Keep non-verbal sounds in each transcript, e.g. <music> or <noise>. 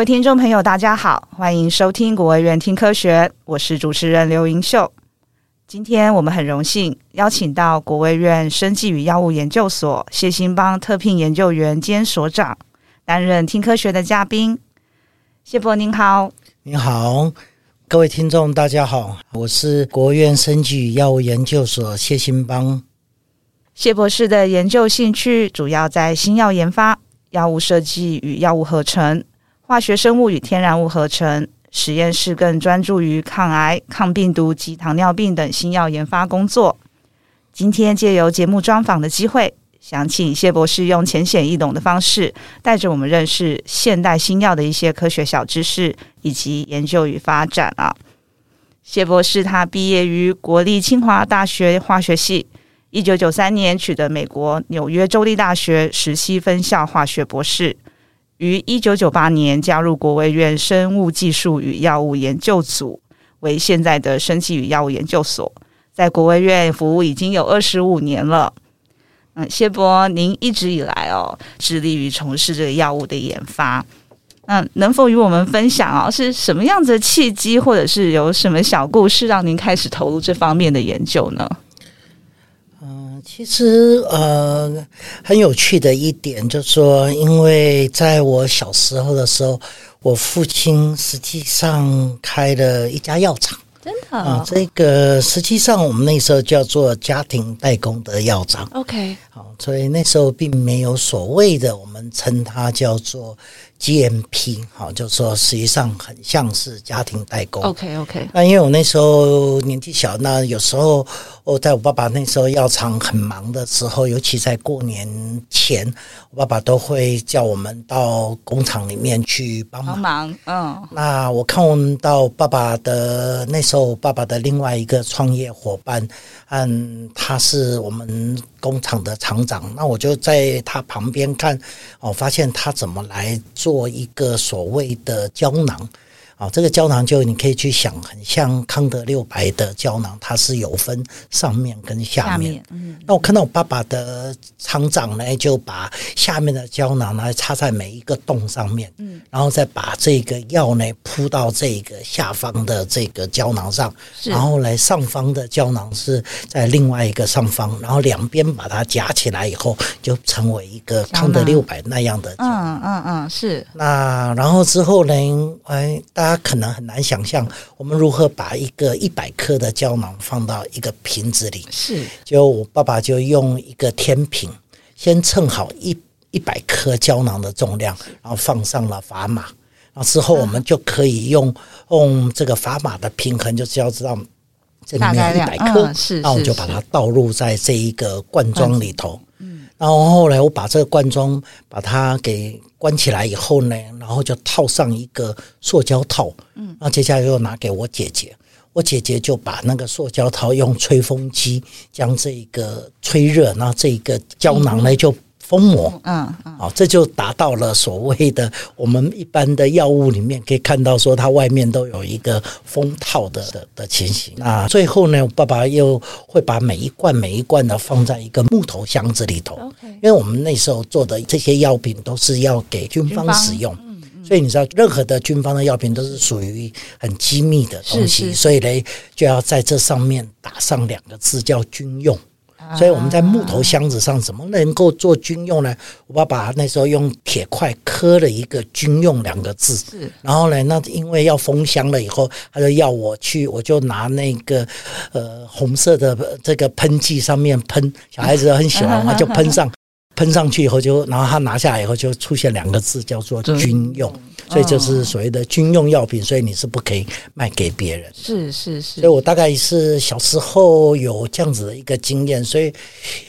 各位聽眾朋友，大家好，歡迎收聽國衛院聽科學，我是主持人劉瑩秀。今天我們很榮幸邀請到國衛院生技與藥物研究所謝興邦特聘研究員兼所長擔任聽科學的嘉賓，謝博您好。您好，各位聽眾大家好，我是國衛院生技與藥物研究所謝興邦。謝博士的研究興趣主要在新藥研發、藥物設計與藥物合成。化學生物與天然物合成，實驗室更專注於抗癌、抗病毒及糖尿病等新藥研發工作。今天借由節目專訪的機會，想請謝博士用淺顯易懂的方式，帶着我們認識現代新藥的一些科學小知識，以及研究與發展啊。謝博士他畢業於國立清華大學化學系，一九九三年取得美國紐約州立大學石溪分校化學博士。於一九九八年加入國衛院生物技術與藥物研究組，為現在的生技與藥物研究所，在國衛院服務已經有二十五年了。嗯，謝博，您一直以來哦，致力於從事這個藥物的研發。嗯，能否與我們分享哦，是什麼樣子的契機，或者是有什麼小故事，讓您開始投入這方面的研究呢？其實呃，很有趣的一點就是說，因為在我小時候的時候，我父親實際上開了一家藥廠，真的啊。這個實際上我們那時候叫做家庭代工的藥廠，OK。好，啊，所以那時候並沒有所謂的我們稱它叫做。GMP，好，就是說實際上很像是家庭代工。OK OK。那因為我那時候年紀小，那有時候我在我爸爸那時候藥廠很忙的時候，尤其在過年前，我爸爸都會叫我們到工廠裡面去幫忙，幫忙。嗯。那我看我到爸爸的那時候，爸爸的另外一個創業夥伴，嗯，他是我們，工廠的廠長，那我就在他旁邊看，哦，發現他怎麼來做一個所謂的膠囊。哦，這個膠囊就你可以去想，很像康德六百的膠囊，它是有分上面跟下面。下面嗯，嗯。那我看到我爸爸的廠長呢，就把下面的膠囊呢插在每一個洞上面，嗯，然後再把這個藥呢鋪到這個下方的這個膠囊上，是，然後來上方的膠囊是在另外一個上方，然後兩邊把它夾起來以後，就成為一個康德六百那樣的膠囊。嗯嗯嗯，是。那然後之後呢，哎大。他可能很難想象，我們如何把一個一百顆的膠囊放到一個瓶子裡。是，就我爸爸就用一個天平，先稱好一一百顆膠囊的重量，然後放上了砝碼。那之後我們就可以用、嗯、用這個砝碼的平衡，就是要知道這裡面有一百顆，是，是，是，那我就把它倒入在這一個罐裝裡頭。嗯然後後來我把這個罐裝把它給關起來以後呢，然後就套上一個塑膠套，嗯，然後接下來又拿給我姐姐，我姐姐就把那個塑膠套用吹風機將這個吹熱，那這個膠囊呢就封膜，嗯，嗯，好，這就達到了所謂的我們一般的藥物裡面可以看到，說它外面都有一個封套的，嗯、的，的情形。最後呢，爸爸又會把每一罐每一罐的放在一個木頭箱子裡頭。嗯、因為我們那時候做的這些藥品都是要給軍方使用，嗯嗯，所以你知道，任何的軍方的藥品都是屬於很機密的東西，是是，所以呢，就要在這上面打上兩個字叫軍用。所以我們在木頭箱子上怎麼能夠做軍用呢？我爸爸那時候用鐵塊刻了一個“軍用”兩個字，是然後呢，那因為要封箱了以後，他就要我去，我就拿那個呃紅色的這個噴劑上面噴，小孩子很喜歡，我 <laughs> 就噴上。 <laughs> 噴上去以後就，然後他拿下來以後就出現兩個字，叫做軍用，對所以就是所謂的軍用藥品，哦、所以你是不可以賣給別人是。是是是。所以我大概是小時候有這樣子的一個經驗，所以誒、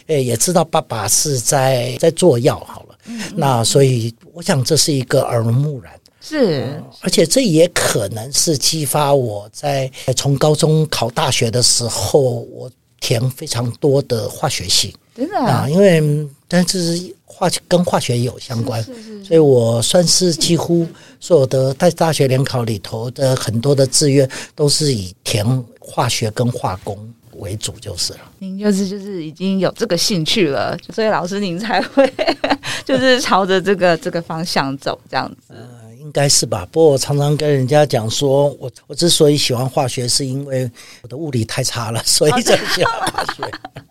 欸、也知道爸爸是在在做藥好了。嗯、那所以我想這是一個耳濡目染，是、呃，而且這也可能是激發我在從高中考大學的時候，我填非常多的化學系，真的啊，因為。但是，化跟化學有相關，是是是，所以我算是幾乎所有的在大學聯考裡頭的很多的志願都是以填化學跟化工為主，就是了。您就是就是已經有這個興趣了，所以老師您才會 <laughs> 就是朝着這個 <laughs> 這個方向走，這樣子。呃，應該是吧。不過我常常跟人家講說，我我之所以喜歡化學，是因為我的物理太差了，所以就喜歡化學。 <laughs>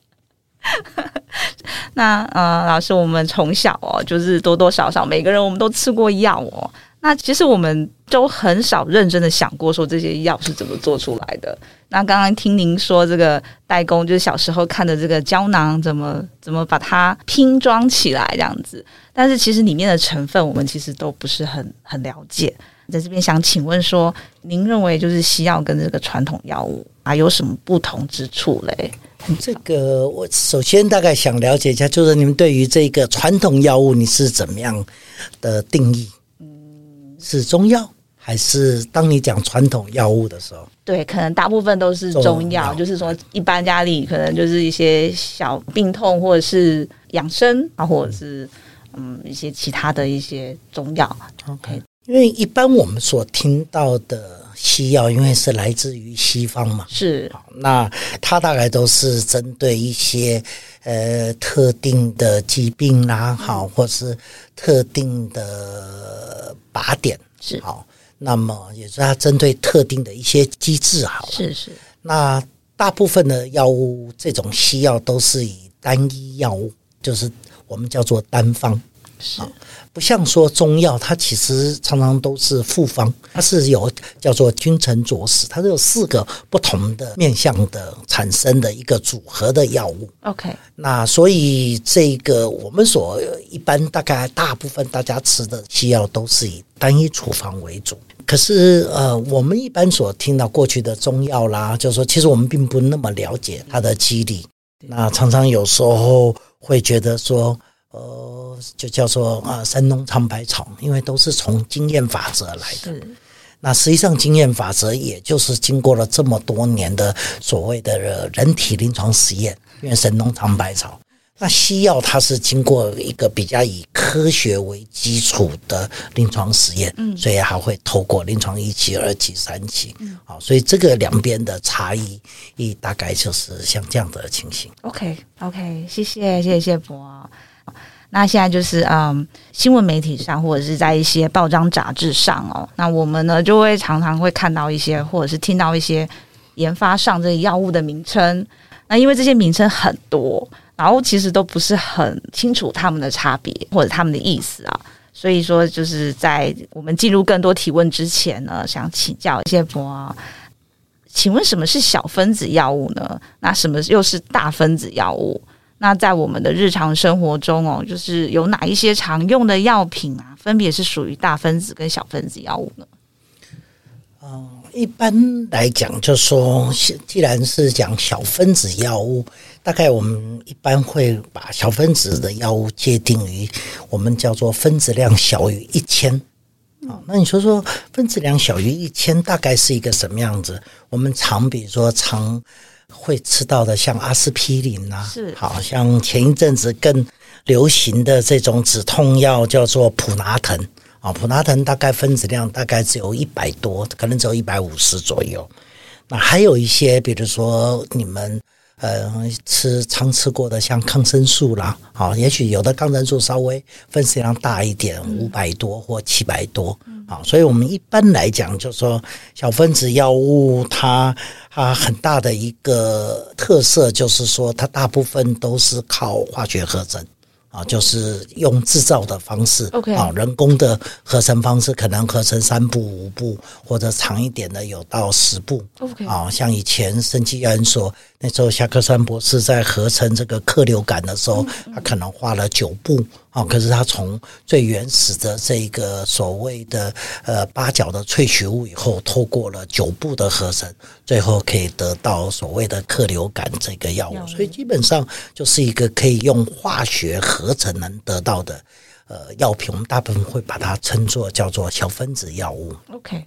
<laughs> 那呃，老師，我們從小哦，就是多多少少每個人，我們都吃過藥哦。那其實我們都很少認真的想過，說這些藥是怎麼做出來的。那剛剛聽您說這個代工，就是小時候看的這個膠囊，怎麼怎麼把它拼裝起來這樣子，但是其實裡面的成分，我們其實都不是很很了解。在這邊想請問說，您認為就是西藥跟這個傳統藥物啊有什麼不同之處嘞？嗯，這個我首先大概想了解一下，就是你們對於這個傳統藥物，你是怎麼樣的定義？嗯，是中藥還是當你講傳統藥物的時候？對，可能大部分都是中藥，中藥，就是說一般家裡可能就是一些小病痛或者是養生啊，嗯。或者是嗯一些其他的一些中藥。OK。因為一般我們所聽到的西藥，因為是來自於西方嘛，是。那它大概都是針對一些呃特定的疾病啦、啊，好，或是特定的靶點是好。那麼也說它針對特定的一些機制好了。是是。那大部分的藥物，這種西藥都是以單一藥物，就是我們叫做單方是。不像說中藥，它其實常常都是複方，它是有叫做君臣佐使，它是有四個不同的面向的產生的一個組合的藥物。OK，那所以這個我們所一般大概大部分大家吃的西藥都是以單一處方為主。可是呃，我們一般所聽到過去的中藥啦，就是說，其實我們並不那麼了解它的機理。那常常有時候會覺得說。呃，就叫做啊，神農嘗百草，因為都是從經驗法則來的。是那實際上，經驗法則也就是經過了這麼多年，的所謂的人體臨床實驗。因為神農嘗百草，那西藥它是經過一個比較以科學為基礎的臨床實驗，嗯，所以還會透過臨床一期、二期、三期，嗯、哦，所以這個兩邊的差異，一，大概就是像這樣的情形。OK，OK，okay, okay, 謝謝，謝謝博，謝博。那現在就是嗯，新聞媒體上或者是在一些報章雜誌上哦，那我們呢就會常常會看到一些，或者是聽到一些研發上這些藥物的名稱。那因為這些名稱很多，然後其實都不是很清楚他們的差別或者他們的意思啊。所以說就是在我們進入更多提問之前呢，想請教一些朋友啊，請問什麼是小分子藥物呢？那什麼又是大分子藥物？那在我們的日常生活中哦，就是有哪一些常用的藥品啊，分別是屬於大分子跟小分子藥物呢？嗯，一般來講，就是說，既然是講小分子藥物，大概我們一般會把小分子的藥物界定於我們叫做分子量小於一千。啊，那你說說分子量小於一千，大概是一個什麼樣子？我們常比如說常。會吃到的，像阿司匹林啊，是，好像前一陣子更流行的這種止痛藥叫做普拿疼，啊，普拿疼大概分子量大概只有一百多，可能只有一百五十左右。那還有一些，比如說你們。呃，吃常吃過的像抗生素啦，啊、哦，也許有的抗生素稍微分子量大一點，五百、嗯、多或七百多，啊、嗯哦，所以我們一般來講，就是說小分子藥物它它很大的一個特色就是說，它大部分都是靠化學合成啊、哦，就是用製造的方式，OK，啊、哦，人工的合成方式可能合成三步、五步或者長一點的有到十步，OK，啊、哦，像以前生技藥所說。那時候，夏克山博士在合成這個克流感的時候，他可能花了九步啊。可是他從最原始的這個所謂的呃八角的萃取物以後，透過了九步的合成，最後可以得到所謂的克流感這個藥物。所以基本上就是一個可以用化學合成能得到的呃藥品。我們大部分會把它稱作叫做小分子藥物。OK。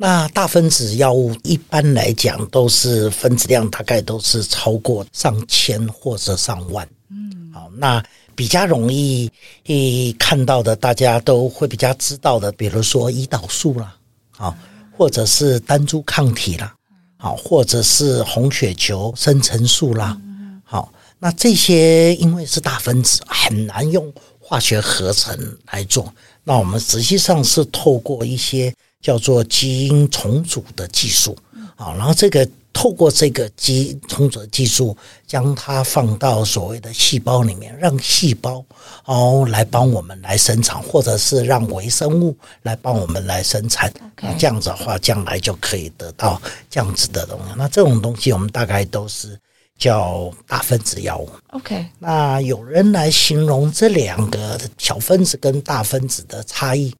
那大分子藥物一般來講都是分子量大概都是超過上千或者上萬，嗯，好，那比較容易誒看到的，大家都會比較知道的，比如說胰島素啦，好，或者是單株抗體啦，好，或者是紅血球生成素啦，好，那這些因為是大分子，很難用化學合成來做，那我們實際上是透過一些。叫做基因重組的技術，啊、嗯，然後這個透過這個基因重組的技術，將它放到所謂的細胞裡面，讓細胞哦來幫我們來生產，或者是讓微生物來幫我們來生產，Okay. 這樣子的話，將來就可以得到這樣子的東西。那這種東西我們大概都是叫大分子藥物。OK，那有人來形容這兩個小分子跟大分子的差異？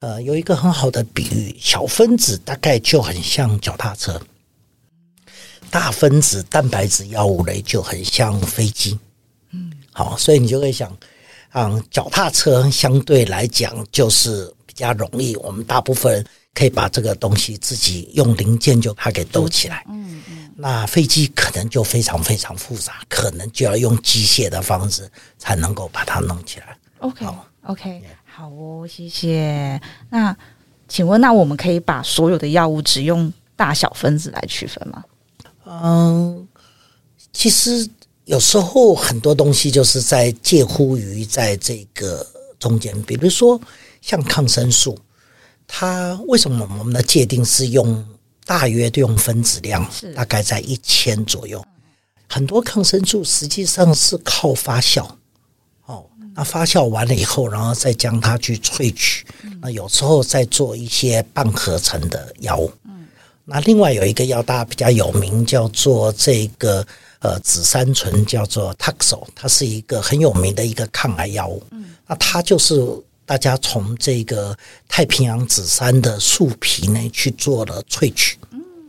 呃，有一個很好的比喻，小分子大概就很像腳踏車，大分子蛋白質藥物類就很像飛機。嗯，好，所以你就會想，嗯，腳踏車相對來講就是比較容易，我們大部分人可以把這個東西自己用零件就把它給兜起來。嗯，嗯，那飛機可能就非常非常複雜，可能就要用機械的方式才能夠把它弄起來。OK，OK。好哦，謝謝。那請問，那我們可以把所有的藥物只用大小分子來區分嗎？嗯，其實有時候很多東西就是在介乎於在這個中間，比如說像抗生素，它為什麼我們的界定是用大約對用分子量是大概在一千左右。很多抗生素實際上是靠發酵。那發酵完了以後，然後再將它去萃取。那有時候再做一些半合成的藥物。那另外有一個藥，大家比較有名，叫做這個呃紫杉醇，叫做 Taxol，它是一個很有名的一個抗癌藥物。那它就是大家從這個太平洋紫杉的樹皮內去做了萃取。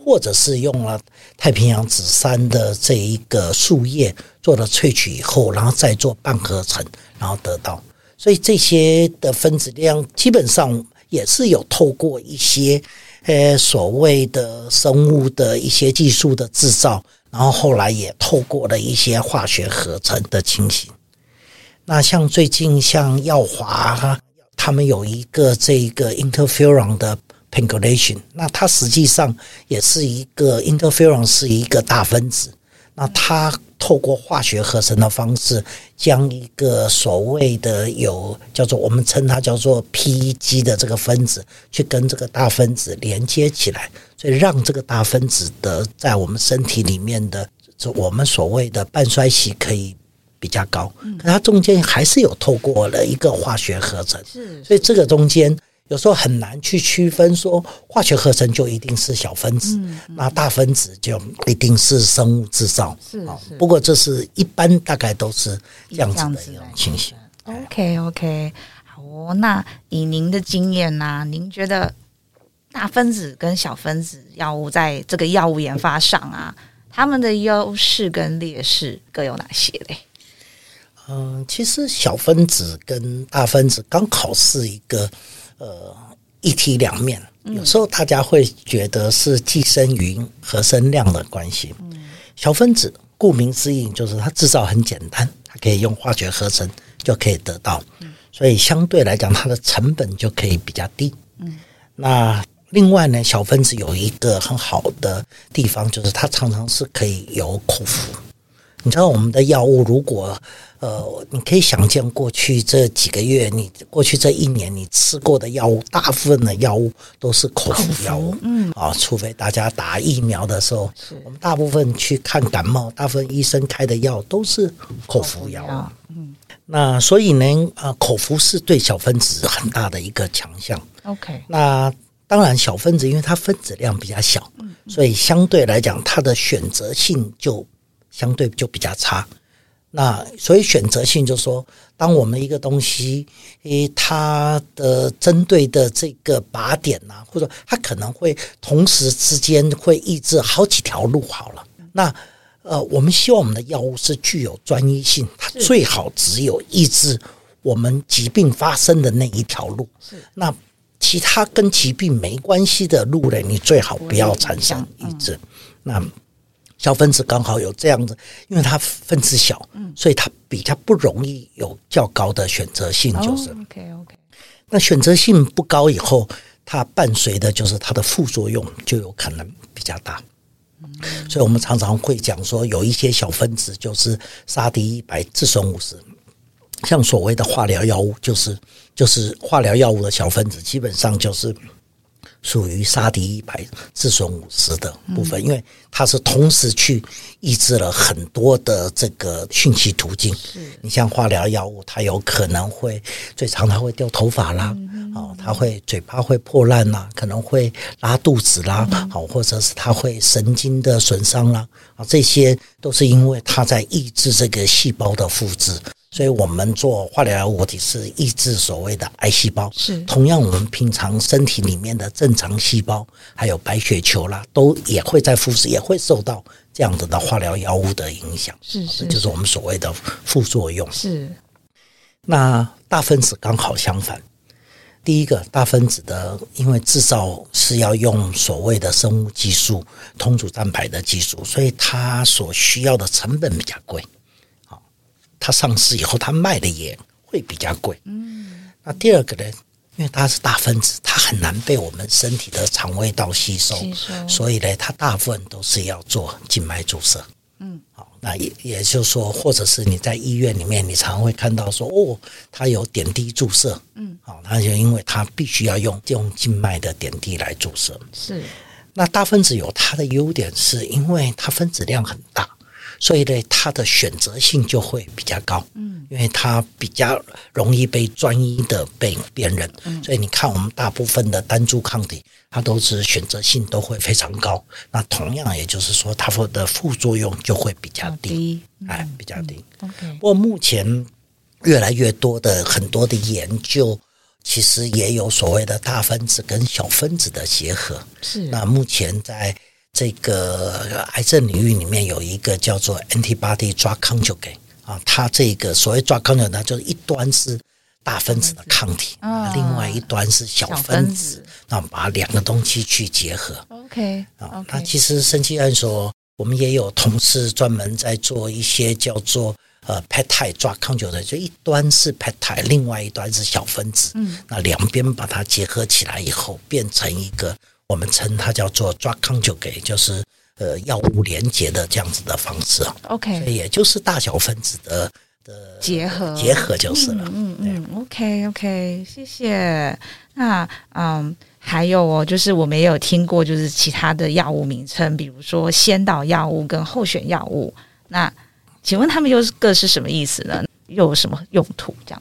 或者是用了太平洋紫杉的這一個樹葉做了萃取以後，然後再做半合成，然後得到。所以這些的分子量基本上也是有透過一些呃所謂的生物的一些技術的製造，然後後來也透過了一些化學合成的情形。那像最近像藥華哈，他們有一個這一個 interferon、um、的。Penetration 那它實際上也是一個 interferon 是一個大分子，那它透過化學合成的方式，將一個所謂的有叫做我們稱它叫做 PEG 的這個分子，去跟這個大分子連接起來，所以讓這個大分子的在我們身體裡面的就我們所謂的半衰期可以比較高，可它中間還是有透過了一個化學合成，是，所以這個中間。有時候很難去區分，說化學合成，就一定是小分子，嗯嗯、那大分子就一定是生物製造。是，是不過這是一般大概都是這樣子的一種情形。情形 OK OK，好哦，那以您的經驗呢、啊？您覺得大分子跟小分子藥物在這個藥物研發上啊，他們的優勢跟劣勢各有哪些呢？嗯，其實小分子跟大分子剛好是一個。呃，一體兩面，有時候大家會覺得是既生瑜何生亮的關係。小分子，顧名思義，就是它製造很簡單，它可以用化學合成就可以得到，所以相對來講，它的成本就可以比較低。那另外呢，小分子有一個很好的地方，就是它常常是可以有口服。你知道，我們的藥物如果。呃，你可以想像，過去這幾個月，你過去這一年，你吃過的藥物，大部分的藥物都是口服藥物口服，嗯，啊，除非大家打疫苗的時候，是我們大部分去看感冒，大部分醫生開的藥都是口服藥，嗯，那所以呢，呃，口服是對小分子很大的一個強項，OK，那當然小分子，因為它分子量比較小，所以相對來講，它的選擇性就相對就比較差。那所以選擇性就是說，當我們一個東西，誒，它的針對的這個靶點吶、啊，或者它可能會同時之間會抑制好幾條路好了。那呃，我們希望我們的藥物是具有專一性，它最好只有抑制我們疾病發生的那一條路。是，那其他跟疾病沒關係的路呢，你最好不要產生抑制。嗯、那。小分子剛好有這樣子，因為它分子小，所以它比較不容易有較高的選擇性，就是。Oh, OK, OK。那選擇性不高以後，它伴隨的就是它的副作用就有可能比較大。Mm hmm. 所以我們常常會講說，有一些小分子就是殺敵一百自損五十，像所謂的化療藥物，就是就是化療藥物的小分子，基本上就是。屬於殺敵一百自損五十的部分，因為它是同時去抑制了很多的這個訊息途徑。你像化療藥物，它有可能會最常它會掉頭髮啦，好，它會嘴巴會破爛啦，可能會拉肚子啦，好，或者是它會神經的損傷啦，啊，這些都是因為它在抑制這個細胞的複製。所以我們做化療藥物，目的是抑制所謂的癌細胞。是同樣我們平常身體裡面的正常細胞，還有白血球啦，都也會在複製，也會受到這樣子的化療藥物的影響。是，是就是我們所謂的副作用。是。那大分子剛好相反。第一個大分子的，因為制造是要用所謂的生物技術、重組蛋白的技術，所以它所需要的成本比較貴。它上市以後，它賣的也會比較貴。嗯，那第二個呢，因為它是大分子，它很難被我們身體的腸胃道吸收，吸收，所以呢，它大部分都是要做靜脈注射。嗯，好、哦，那也也就是說，或者是你在醫院裡面，你常會看到說，哦，它有點滴注射。嗯，好、哦，那就因為它必須要用用靜脈的點滴來注射。是，那大分子有它的優點，是因為它分子量很大。所以呢，它的選擇性就會比較高，嗯，因為它比較容易被專一的被辨認，嗯，所以你看我們大部分的單株抗體，它都是選擇性都會非常高。那同樣也就是說，它的副作用就會比較低，嗯，哎，嗯，比較低。嗯，不過目前越來越多的很多的研究，其實也有所謂的大分子跟小分子的結合，是那目前在。這個癌症領域裡面有一個叫做 Antibody Drug Conjugate 啊，它這個所謂 Drug Conjugate 呢，ral, 就是一端是大分子的抗體，哦，另外一端是小分子，分子那我們把兩個東西去結合。OK 啊，它 Okay. 其實生技藥所，我們也有同事專門在做一些叫做呃 Peptide Drug Conjugate，ral, 就一端是 Peptide，另外一端是小分子，嗯，那兩邊把它結合起來以後，變成一個。我們稱它叫做 drug conjugate，就是呃藥物連接的這樣子的方式啊。OK，也就是大小分子的的結合，結合就是了。嗯嗯，嗯對，OK OK，謝謝。那嗯，還有哦，就是我沒有聽過，就是其他的藥物名稱，比如說先導藥物跟候選藥物，那請問他們又是各是什麼意思呢？又有什麼用途這樣？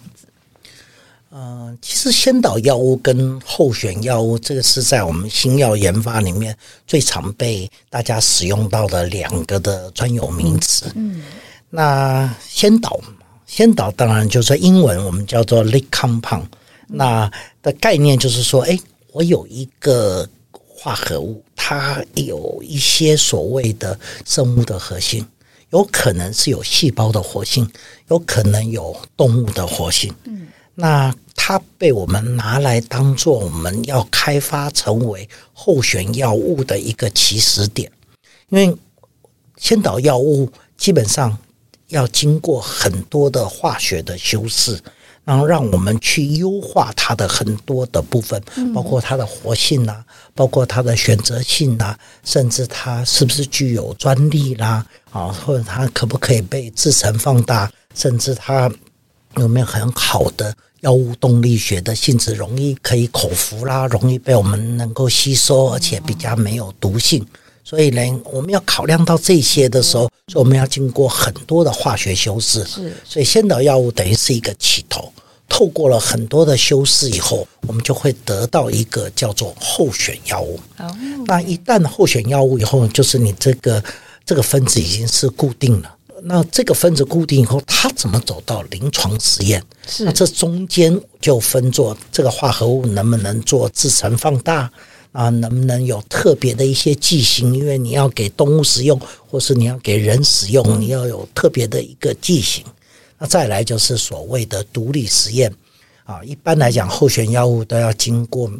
嗯、呃，其實先導藥物跟候選藥物，這個是在我們新藥研發裡面最常被大家使用到的兩個的專有名詞。嗯，那先導，先導當然就是英文，我們叫做 lead compound。那的概念就是說，哎，我有一個化合物，它有一些所謂的生物的核心，有可能是有細胞的活性，有可能有動物的活性。嗯。那它被我們拿來當做我們要開發成為候選藥物的一個起始點，因為先導藥物基本上要經過很多的化學的修飾，然後讓我們去優化它的很多的部分，包括它的活性啊，包括它的選擇性啊，甚至它是不是具有專利啦，啊，或者它可不可以被製程放大，甚至它有沒有很好的。藥物動力學的性質，容易可以口服啦，容易被我們能夠吸收，而且比較沒有毒性，所以呢，我們要考量到這些的時候，所以我們要經過很多的化學修飾。是，所以先導藥物等於是一個起頭，透過了很多的修飾以後，我們就會得到一個叫做候選藥物。哦、嗯，那一旦候選藥物以後，就是你這個這個分子已經是固定了。那這個分子固定以後，它怎麼走到臨床實驗？是，這中間就分做這個化合物能不能做製程放大啊，能不能有特別的一些劑型？因為你要給動物使用，或是你要給人使用，你要有特別的一個劑型。那再來就是所謂的毒理實驗啊，一般來講，候選藥物都要經過。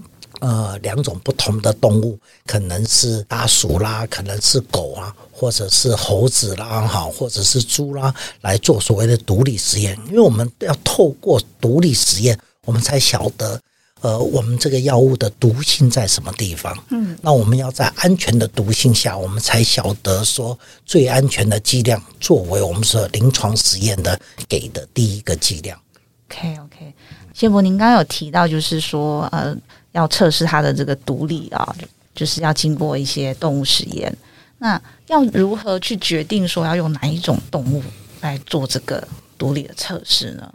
呃，兩種不同的動物，可能是大鼠啦，可能是狗啊，或者是猴子啦，哈，或者是豬啦，來做所謂的毒理實驗。因為我們要透過毒理實驗，我們才曉得，呃，我們這個藥物的毒性在什麼地方。嗯，那我們要在安全的毒性下，我們才曉得說最安全的劑量，作為我們說臨床實驗的給的第一個劑量。OK OK，謝博，您剛剛有提到，就是說呃。要測試它的這個毒理啊，就是要經過一些動物實驗。那要如何去決定說要用哪一種動物來做這個毒理的測試呢？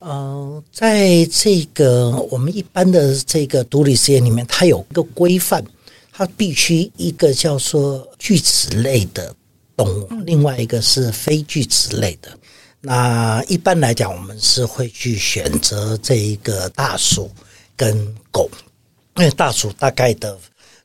呃，在這個我們一般的這個毒理實驗裡面，它有一個規範，它必須一個叫做齧齒類的動物，嗯、另外一個是非齧齒類的。那一般來講，我們是會去選擇這一個大鼠。跟狗，因為大鼠大概的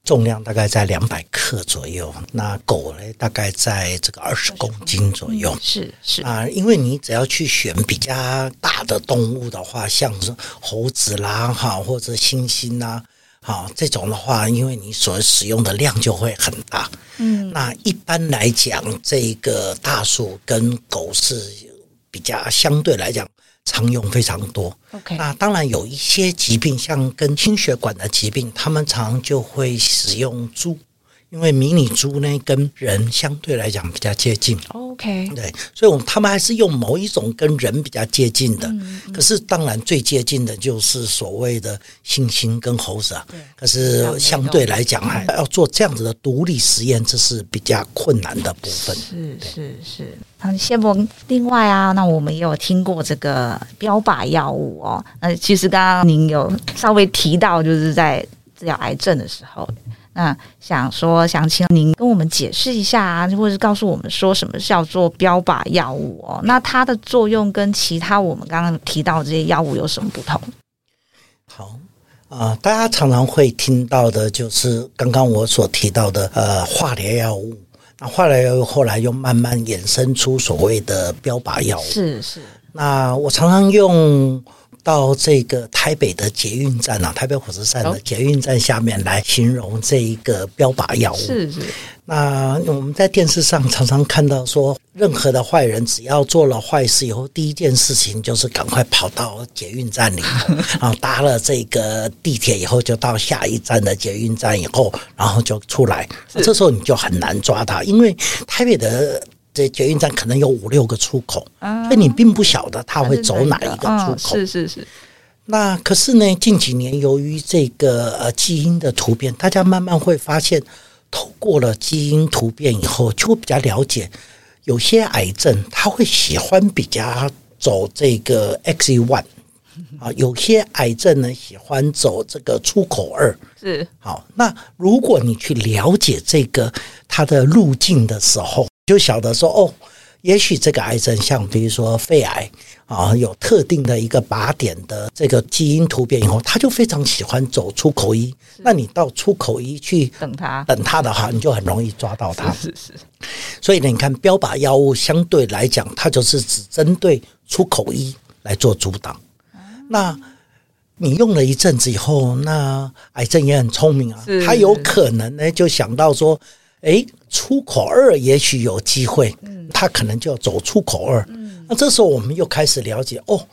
重量大概在兩百克左右，那狗呢，大概在這個二十公斤左右，嗯、是是啊，因為你只要去選比較大的動物的話，像是猴子啦哈或者猩猩吶，哈，這種的話，因為你所使用的量就會很大，嗯，那一般來講，這個大鼠跟狗是比較相對來講。常用非常多。Okay 那當然有一些疾病，像跟心血管的疾病，他們常常就會使用豬。因為迷你豬呢，跟人相對來講比較接近。OK，對，所以我們他們還是用某一種跟人比較接近的。嗯、可是當然最接近的就是所謂的猩猩跟猴子啊。對可是相對來講啊，個還要做這樣子的獨立實驗，這是比較困難的部分。是是是。好對、嗯，謝博。另外啊，那我們也有聽過這個標靶藥物哦。那其實剛剛您有稍微提到，就是在治療癌症的時候。那想說，想請您跟我們解釋一下啊，或者告訴我們說什麼叫做標靶藥物哦？那它的作用跟其他我們剛剛提到的這些藥物有什麼不同？好，啊，呃，大家常常會聽到的就是剛剛我所提到的，呃，化療藥物。那化療藥物後來又慢慢衍生出所謂的標靶藥物。是是。是那我常常用。到這個台北的捷運站啊，台北火車站的捷運站下面來形容這一個標靶藥物。是是。那我們在電視上常常看到說，任何的壞人只要做了壞事以後，第一件事情就是趕快跑到捷運站裡， <laughs> 然後搭了這個地鐵以後，就到下一站的捷運站以後，然後就出來。是這時候你就很難抓他，因為台北的。這捷運站可能有五六個出口，哦、所以你並不曉得它會走哪一個出口。是，這個哦、是是是。那可是呢，近幾年由於這個呃基因的突變，大家慢慢會發現，透過了基因突變以後，就會比較了解，有些癌症它會喜歡比較走這個 X one 啊，有些癌症呢喜歡走這個出口二。是。好，那如果你去了解這個它的路徑的時候，就曉得說哦，也許這個癌症像比如說肺癌啊，有特定的一個靶點的這個基因突變以後，它就非常喜歡走出口一是那你到出口一去等它他，等它的話你就很容易抓到它。是,是是。所以呢，你看標靶藥物相對來講，它就是只針對出口一來做阻擋。嗯、那你用了一陣子以後，那癌症也很聰明啊，是是是它有可能呢就想到說。哎，出口二也許有機會，他可能就要走出口二。那這時候我們又開始了解哦，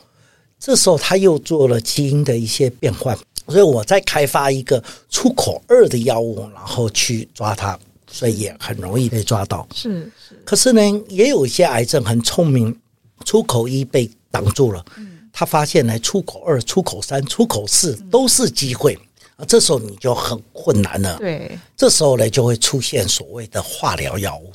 這時候他又做了基因的一些變換，所以我在開發一個出口二的藥物，然後去抓它，所以也很容易被抓到。是，是。可是呢，也有一些癌症很聰明，出口一被擋住了，他發現呢，出口二、出口三、出口四都是機會。啊，這時候你就很困難了。對，這時候呢，就會出現所謂的化療藥物。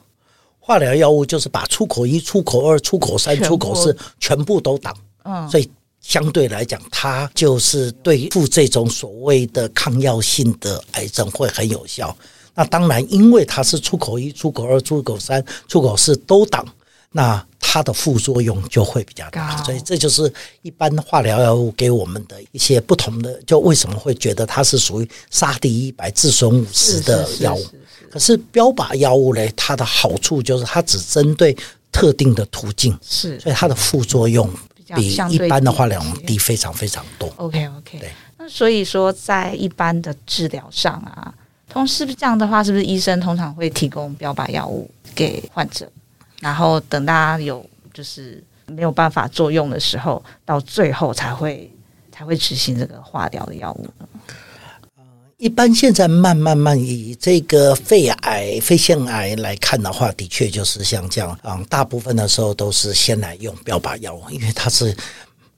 化療藥物就是把出口一、出口二、出口三、出口四全部都擋。嗯，所以相對來講，它就是對付這種所謂的抗藥性的癌症會很有效。那當然，因為它是出口一、出口二、出口三、出口四都擋。那。它的副作用就會比較大，高所以這就是一般的化療藥物給我們的一些不同的。嗯、就為什麼會覺得它是屬於殺敵一百自損五十的藥物？是是是是是，可是標靶藥物嘞，它的好處就是它只針對特定的途徑，是，所以它的副作用比一般的化療低非常非常多。嗯嗯嗯、OK OK，對那所以說在一般的治療上啊，同時這樣的話，是不是醫生通常會提供標靶藥物給患者？然後等大家有就是沒有辦法作用的時候，到最後才會才會執行這個化療的藥物。一般現在慢慢慢慢以這個肺癌、肺腺癌來看的話，的確就是像這樣，嗯，大部分的時候都是先來用標靶藥物，因為它是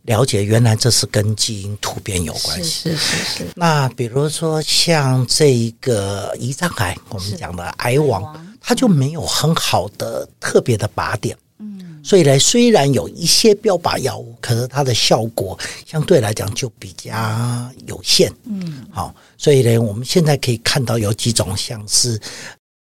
了解原來這是跟基因突變有關係。是是，是是是。那比如說像這一個胰臟癌，我們講的癌王。它就沒有很好的特別的靶點，嗯，所以呢，雖然有一些標靶藥物，可是它的效果相對來講就比較有限，嗯，好，所以呢，我們現在可以看到有幾種像是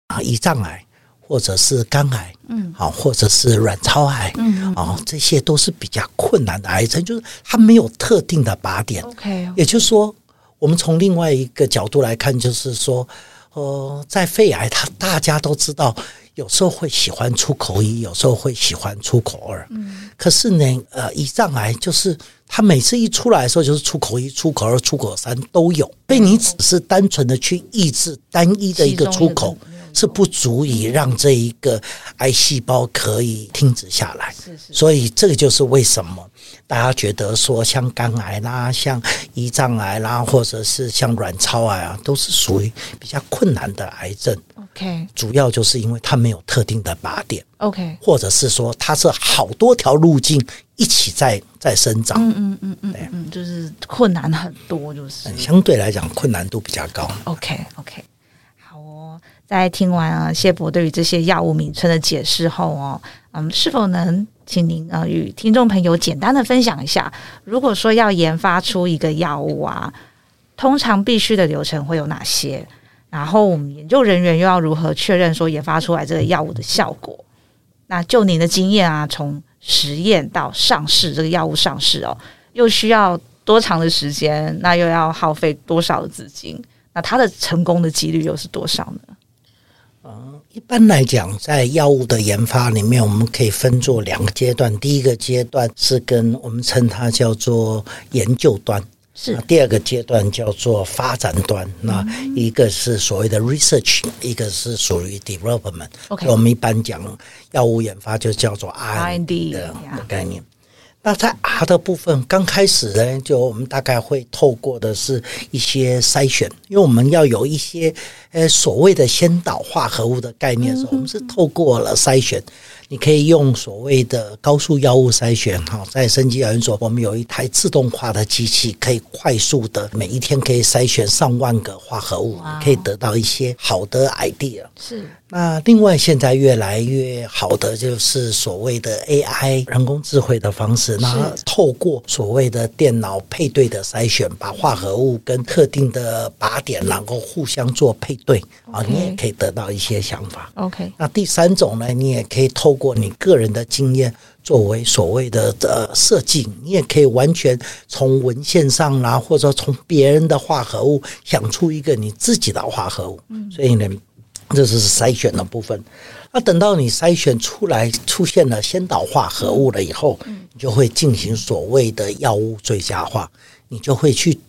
啊胰臟癌或者是肝癌，嗯，好或者是卵巢癌，嗯，這些都是比較困難的癌症，就是它沒有特定的靶點，OK，也就是說，我們從另外一個角度來看，就是說。呃，在肺癌，它大家都知道，有時候會喜歡出口一，有時候會喜歡出口二。可是呢，呃，胰臟癌就是它每次一出來的時候，就是出口一、出口二、出口三都有，被你只是單純的去抑制單一的一個出口。是不足以讓這一個癌細胞可以停止下來，是是所以這個就是為什麼大家覺得說像肝癌啦、像胰臟癌啦，或者是像卵巢癌啊，都是屬於比較困難的癌症。OK，是是主要就是因為它沒有特定的靶點。OK，或者是說它是好多條路徑一起在在生長。嗯嗯，嗯嗯嗯嗯，對，就是困難很多，就是相對來講困難度比較高。OK OK。在聽完啊謝博對於這些藥物名稱的解釋後哦，嗯，是否能請您呃與聽眾朋友簡單的分享一下，如果說要研發出一個藥物啊，通常必需的流程會有哪些？然後我們研究人員又要如何確認說研發出來這個藥物的效果？那就您的經驗啊，從實驗到上市，這個藥物上市哦，又需要多長的時間？那又要耗費多少的資金？那它的成功的機率又是多少呢？嗯，一般來講，在藥物的研發裡面，我們可以分作兩個階段。第一個階段是跟我們稱它叫做研究端，是第二個階段叫做發展端。嗯、那一個是所謂的 research，一個是屬於 development。OK，我們一般講藥物研發就叫做 R&D 的、R&D, yeah. 的概念。那在 R 的部分，剛開始呢，就我們大概會透過的是一些篩選，因為我們要有一些呃所謂的先導化合物的概念的時候，我們是透過了篩選。你可以用所謂的高速藥物篩選哈，在生技藥研所，我們有一台自動化的機器，可以快速的每一天可以篩選上萬個化合物，Wow. 可以得到一些好的 idea。是。那另外現在越來越好的就是所謂的 AI 人工智慧的方式，是那透過所謂的電腦配對的篩選，把化合物跟特定的靶點能夠互相做配對啊，Okay. 你也可以得到一些想法。OK。那第三種呢，你也可以透。過你個人的經驗作為所謂的呃設計，你也可以完全從文獻上啊，或者說從別人的化合物想出一個你自己的化合物。所以呢，這是篩選的部分，啊。那等到你篩選出來出現了先導化合物了以後，你就會進行所謂的藥物最佳化，你就會去。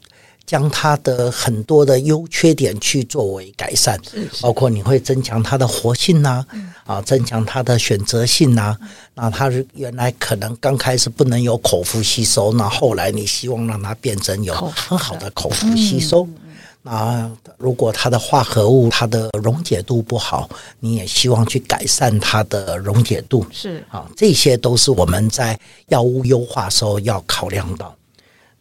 將它的很多的優缺點去作為改善，包括你會增強它的活性吶，啊，啊，增強它的選擇性吶，啊。那它原來可能剛開始不能有口服吸收，那後來你希望讓它變成有很好的口服吸收。那如果它的化合物它的溶解度不好，你也希望去改善它的溶解度。是啊，這些都是我們在藥物優化時候要考量到。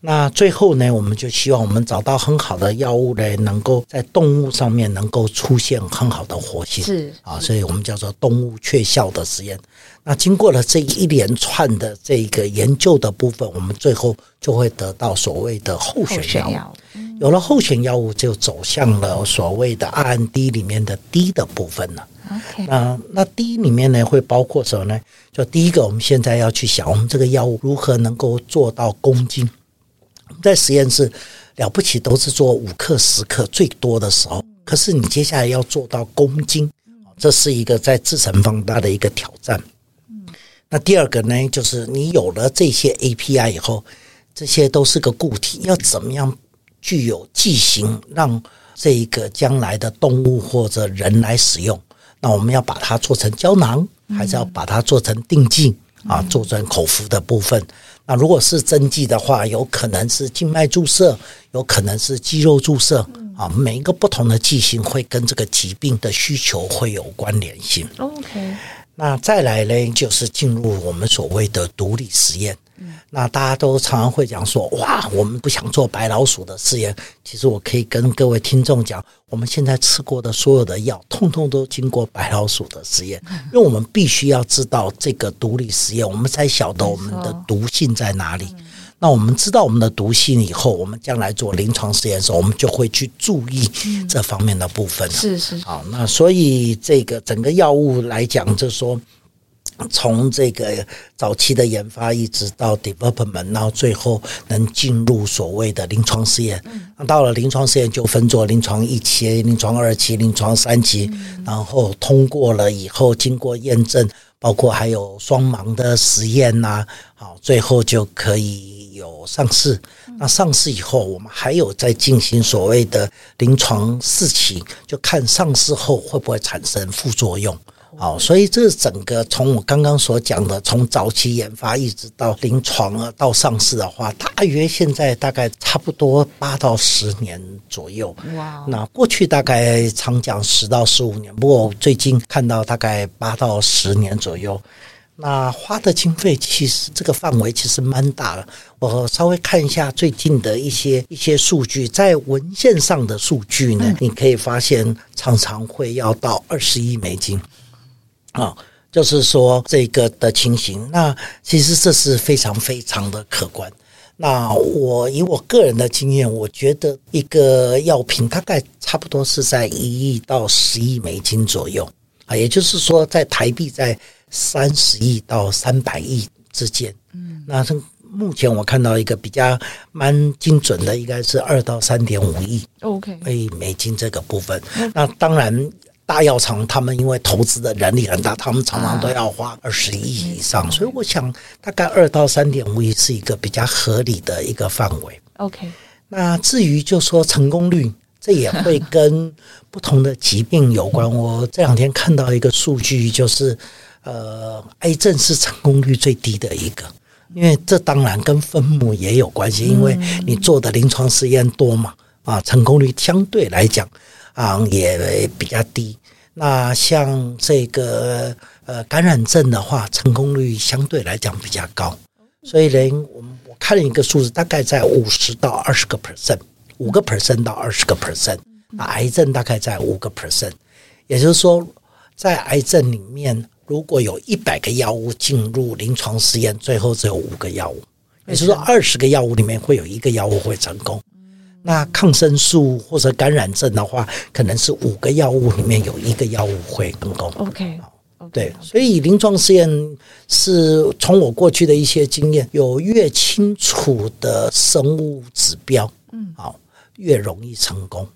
那最後呢，我們就希望我們找到很好的藥物呢，能夠在動物上面能夠出現很好的活性。是啊，所以我們叫做動物確效的實驗。那經過了這一連串的這個研究的部分，我們最後就會得到所謂的候選藥物。有了候選藥物，就走向了所謂的 R&D 裡面的 D 的部分了。啊，那那 D 裡面呢，會包括什麼呢？就第一個，我們現在要去想，我們這個藥物如何能夠做到公斤。在實驗室，了不起都是做五克、十克最多的時候。可是你接下來要做到公斤，這是一個在製程放大的一個挑戰。那第二個呢，就是你有了這些 API 以後，這些都是個固體，要怎麼樣具有劑型，讓這一個將來的動物或者人來使用？那我們要把它做成膠囊，還是要把它做成錠劑啊，做成口服的部分？那如果是針劑的話，有可能是靜脈注射，有可能是肌肉注射，啊，每一個不同的劑型會跟這個疾病的需求會有關聯性。OK，那再來呢，就是進入我們所謂的毒理實驗。那大家都常常會講說，哇，我們不想做白老鼠的實驗。其實我可以跟各位聽眾講，我們現在吃過的所有的藥，通通都經過白老鼠的實驗，因為我們必須要知道這個毒理實驗，我們才曉得我們的毒性在哪裡。嗯、那我們知道我們的毒性以後，我們將來做臨床實驗的時候，我們就會去注意這方面的部分了、嗯。是是，是，好，那所以這個整個藥物來講，就是說。從這個早期的研發一直到 development，然後最後能進入所謂的臨床試驗，那到了臨床試驗就分做臨床一期、臨床二期、臨床三期，然後通過了以後，經過驗證，包括還有雙盲的實驗吶、啊，好，最後就可以有上市。那上市以後，我們還有在進行所謂的臨床四期，就看上市後會不會產生副作用。好、哦，所以這整個從我剛剛所講的，從早期研發一直到臨床啊，到上市的話，大約現在大概差不多八到十年左右。哇，Wow. 那過去大概常講十到十五年，不過我最近看到大概八到十年左右。那花的經費其實這個範圍其實蠻大的。我稍微看一下最近的一些一些數據，在文獻上的數據呢，嗯、你可以發現常常會要到二十億美金。啊、哦，就是說這個的情形，那其實這是非常非常的可觀。那我以我個人的經驗，我覺得一個藥品大概差不多是在一億到十億美金左右啊，也就是說在台幣在三十億到三百億之間。嗯，那從目前我看到一個比較蠻精準的，應該是二到三點五億。OK，以美金這個部分，那當然。大藥廠他們因為投資的人力很大，他們常常都要花二十億以上，所以我想大概二到三點五億是一個比較合理的一個範圍。OK，那至於就說成功率，這也會跟不同的疾病有關。 <laughs> 我這兩天看到一個數據，就是呃，癌症是成功率最低的一個，因為這當然跟分母也有關係，因為你做的臨床實驗多嘛，啊，成功率相對來講也比較低。那像這個呃感染症的話，成功率相對來講比較高。所以人，人我我看了一個數字，大概在五十到二十個 percent，五個 percent 到二十個 percent。癌症大概在五個 percent。也就是說，在癌症裡面，如果有一百個藥物進入臨床試驗，最後只有五個藥物。也就是說，二十個藥物裡面會有一個藥物會成功。那抗生素或者感染症的話，可能是五個藥物裡面有一個藥物會成功。OK，okay, okay 對，所以臨床試驗是從我過去的一些經驗，有越清楚的生物指標，嗯，好，越容易成功。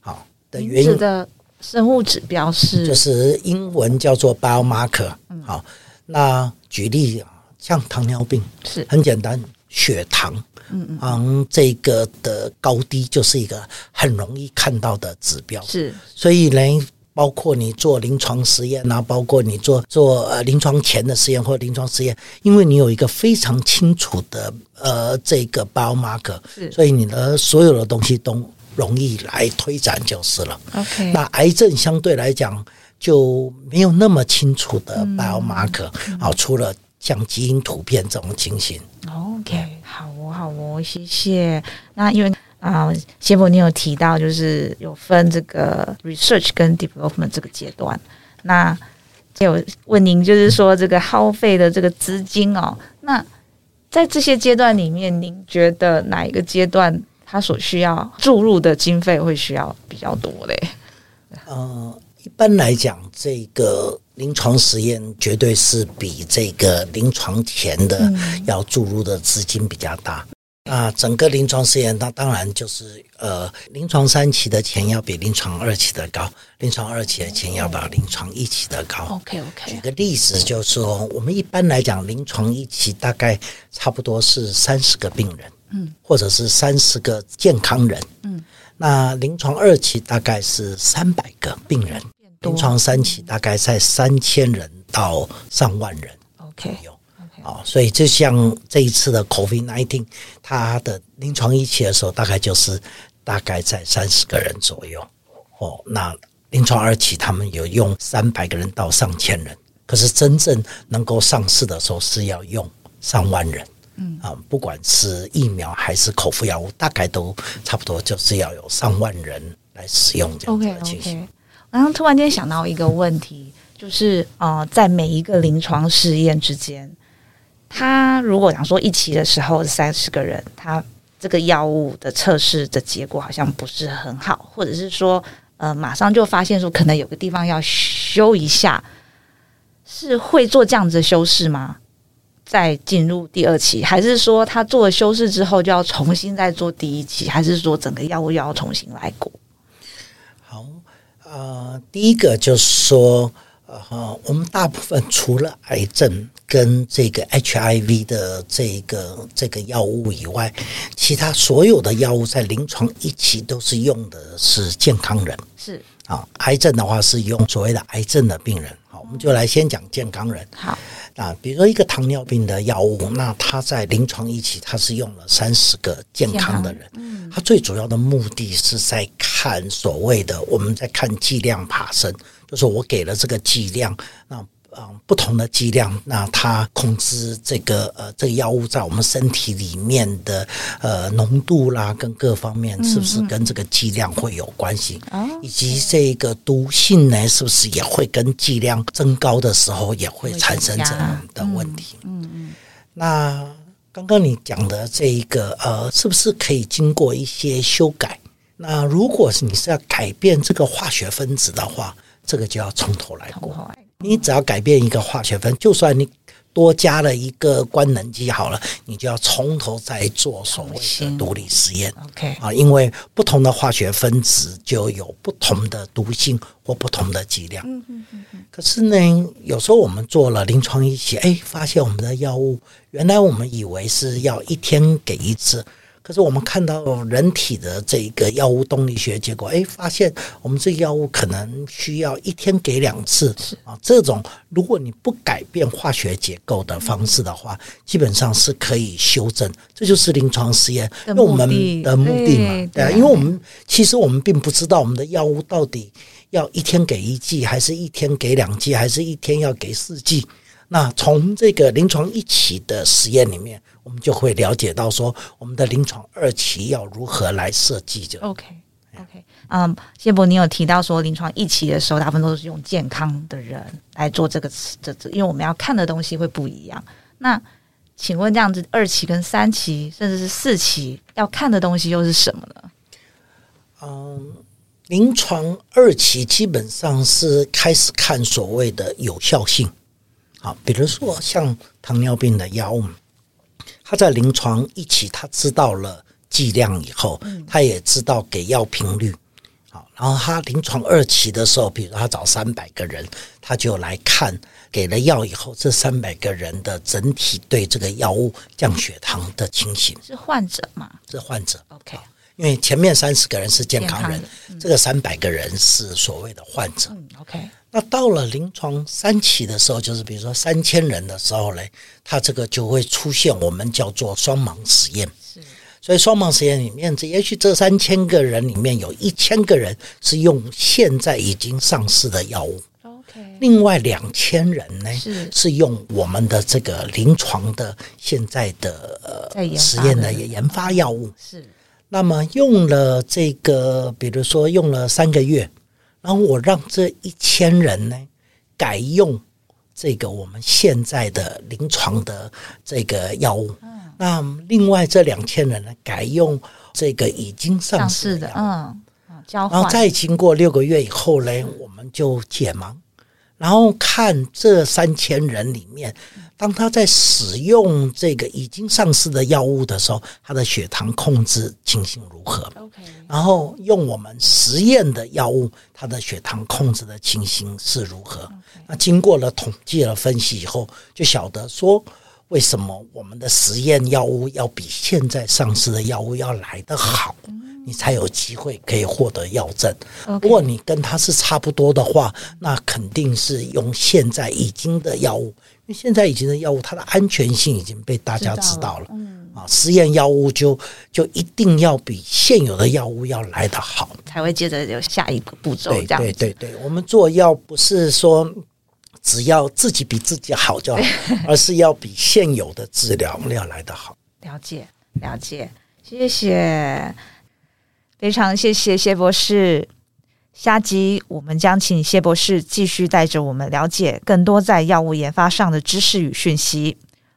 好、嗯、的，原因，因的生物指標是，就是英文叫做 biomarker、嗯。好，那舉例像糖尿病是很簡單，血糖。嗯嗯，嗯這個的高低就是一個很容易看到的指標。是，所以呢，包括你做臨床實驗，然後包括你做做呃臨床前的實驗或者臨床實驗，因為你有一個非常清楚的呃這個 biomarker，是所以你的所有的東西都容易來推展就是了。Okay 那癌症相對來講就沒有那麼清楚的 biomarker，啊、嗯，嗯、除了。像基因突變這種情形，OK，好哦，好哦，謝謝。那因為啊，謝、呃、博，您有提到就是有分這個 research 跟 development 這個階段，那就有問您就是說這個耗費的這個資金哦，那在這些階段裡面，您覺得哪一個階段它所需要注入的經費會需要比較多嘞？呃，一般來講，這個。臨床實驗絕對是比這個臨床前的要注入的資金比較大。嗯、那整個臨床實驗，它當然就是呃，臨床三期的錢要比臨床二期的高，臨床二期的錢要比臨床一期的高。OK OK、哦。舉個例子，就是說，嗯、我們一般來講，臨床一期大概差不多是三十個病人，嗯，或者是三十個健康人，嗯。那臨床二期大概是三百個病人。臨床三期大概在三千人到上萬人，OK，用 OK 啊、okay，所以就像這一次的 COVID-19，它的臨床一期的時候大概就是大概在三十個人左右哦。那臨床二期他們有用三百個人到上千人，可是真正能夠上市的時候是要用上萬人，嗯啊，不管是疫苗還是口服藥物，大概都差不多，就是要有上萬人來使用這樣 OK OK。然後突然間想到一個問題，就是呃，在每一個臨床試驗之間，他如果想說一期的時候三十個人，他這個藥物的測試的結果好像不是很好，或者是說呃，馬上就發現說可能有個地方要修一下，是會做這樣子的修飾嗎？再進入第二期，還是說他做了修飾之後就要重新再做第一期，還是說整個藥物又要重新來過？呃，第一個就是說，哈、呃，我們大部分除了癌症跟這個 HIV 的這個這個藥物以外，其他所有的藥物在臨床一期都是用的是健康人，是啊、呃。癌症的話是用所謂的癌症的病人，好，我們就來先講健康人，好。啊，比如說一個糖尿病的藥物，那他在臨床一期，他是用了三十個健康的人，嗯、他最主要的目的是在看所謂的我們在看劑量爬升，就是我給了這個劑量，那。嗯，不同的劑量，那它控制這個呃，這個藥物在我們身體裡面的呃濃度啦，跟各方面是不是跟這個劑量會有關係？嗯嗯。以及這個毒性呢，是不是也會跟劑量增高的時候也會產生這樣的問題？嗯嗯。嗯嗯，那剛剛你講的這一個呃，是不是可以經過一些修改？那如果是你是要改變這個化學分子的話，這個就要從頭來過。你只要改變一個化學分，就算你多加了一個官能基好了，你就要從頭再做所有的毒理實驗。OK 啊，因為不同的化學分子就有不同的毒性或不同的劑量。嗯哼嗯哼。可是呢，有時候我們做了臨床一期，哎，發現我們的藥物，原來我們以為是要一天給一次。可是我們看到人體的這一個藥物動力學結果，哎，發現我們這藥物可能需要一天給兩次是啊。這種如果你不改變化學結構的方式的話，嗯、基本上是可以修正。這就是臨床試驗，嗯、因為我們的目的嘛。對，對啊，因為我們其實我們並不知道我們的藥物到底要一天給一劑，還是一天給兩劑，還是一天要給四劑。那從這個臨床一期的試驗裡面，我們就會了解到說我們的臨床二期要如何來設計的。OK，OK，嗯，謝博，你有提到說臨床一期的時候，大部分都是用健康的人來做這個這這，因為我們要看的東西會不一樣。那請問這樣子，二期跟三期，甚至是四期，要看的東西又是什麼呢？嗯，um, 臨床二期基本上是開始看所謂的有效性，好，比如說像糖尿病的藥物。他在臨床一期，他知道了劑量以後，他也知道給藥頻率。好，然後他臨床二期的時候，比如說他找三百個人，他就來看給了藥以後，這三百個人的整體對這個藥物降血糖的情形。是患者嗎？是患者。OK。因為前面三十個人是健康人，健康的，嗯、這個三百個人是所謂的患者。嗯、OK，那到了臨床三期的時候，就是比如說三千人的時候呢，他這個就會出現我們叫做雙盲實驗。是，所以雙盲實驗裡面，這也許這三千個人裡面有一千個人是用現在已經上市的藥物，OK，另外兩千人呢是，是用我們的這個臨床的現在的、呃、在研發的實驗的研發藥物、嗯、是。那麼用了這個，比如說用了三個月，然後我讓這一千人呢改用這個我們現在的臨床的這個藥物，嗯、那另外這兩千人呢改用這個已經上市的，嗯，交換，然後再經過六個月以後呢，嗯、我們就解盲。然後看這三千人裡面，當他在使用這個已經上市的藥物的時候，他的血糖控制情形如何？然後用我們實驗的藥物，他的血糖控制的情形是如何？那經過了統計了分析以後，就曉得說為什麼我們的實驗藥物要比現在上市的藥物要來得好。你才有機會可以獲得藥證。如果 Okay 你跟他是差不多的話，那肯定是用現在已經的藥物，因為現在已經的藥物，它的安全性已經被大家知道了。道了嗯啊，實驗藥物就就一定要比現有的藥物要來得好，才會接着有下一個步驟。對，對對對，我們做藥不是說只要自己比自己好就好， <laughs> 而是要比現有的治療要來得好。了解了解，謝謝。非常謝謝謝博士，下集我們將請謝博士繼續帶着我們了解更多在藥物研發上的知識與訊息。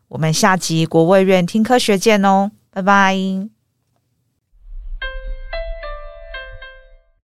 我們下集國衛院聽科學見哦，拜拜。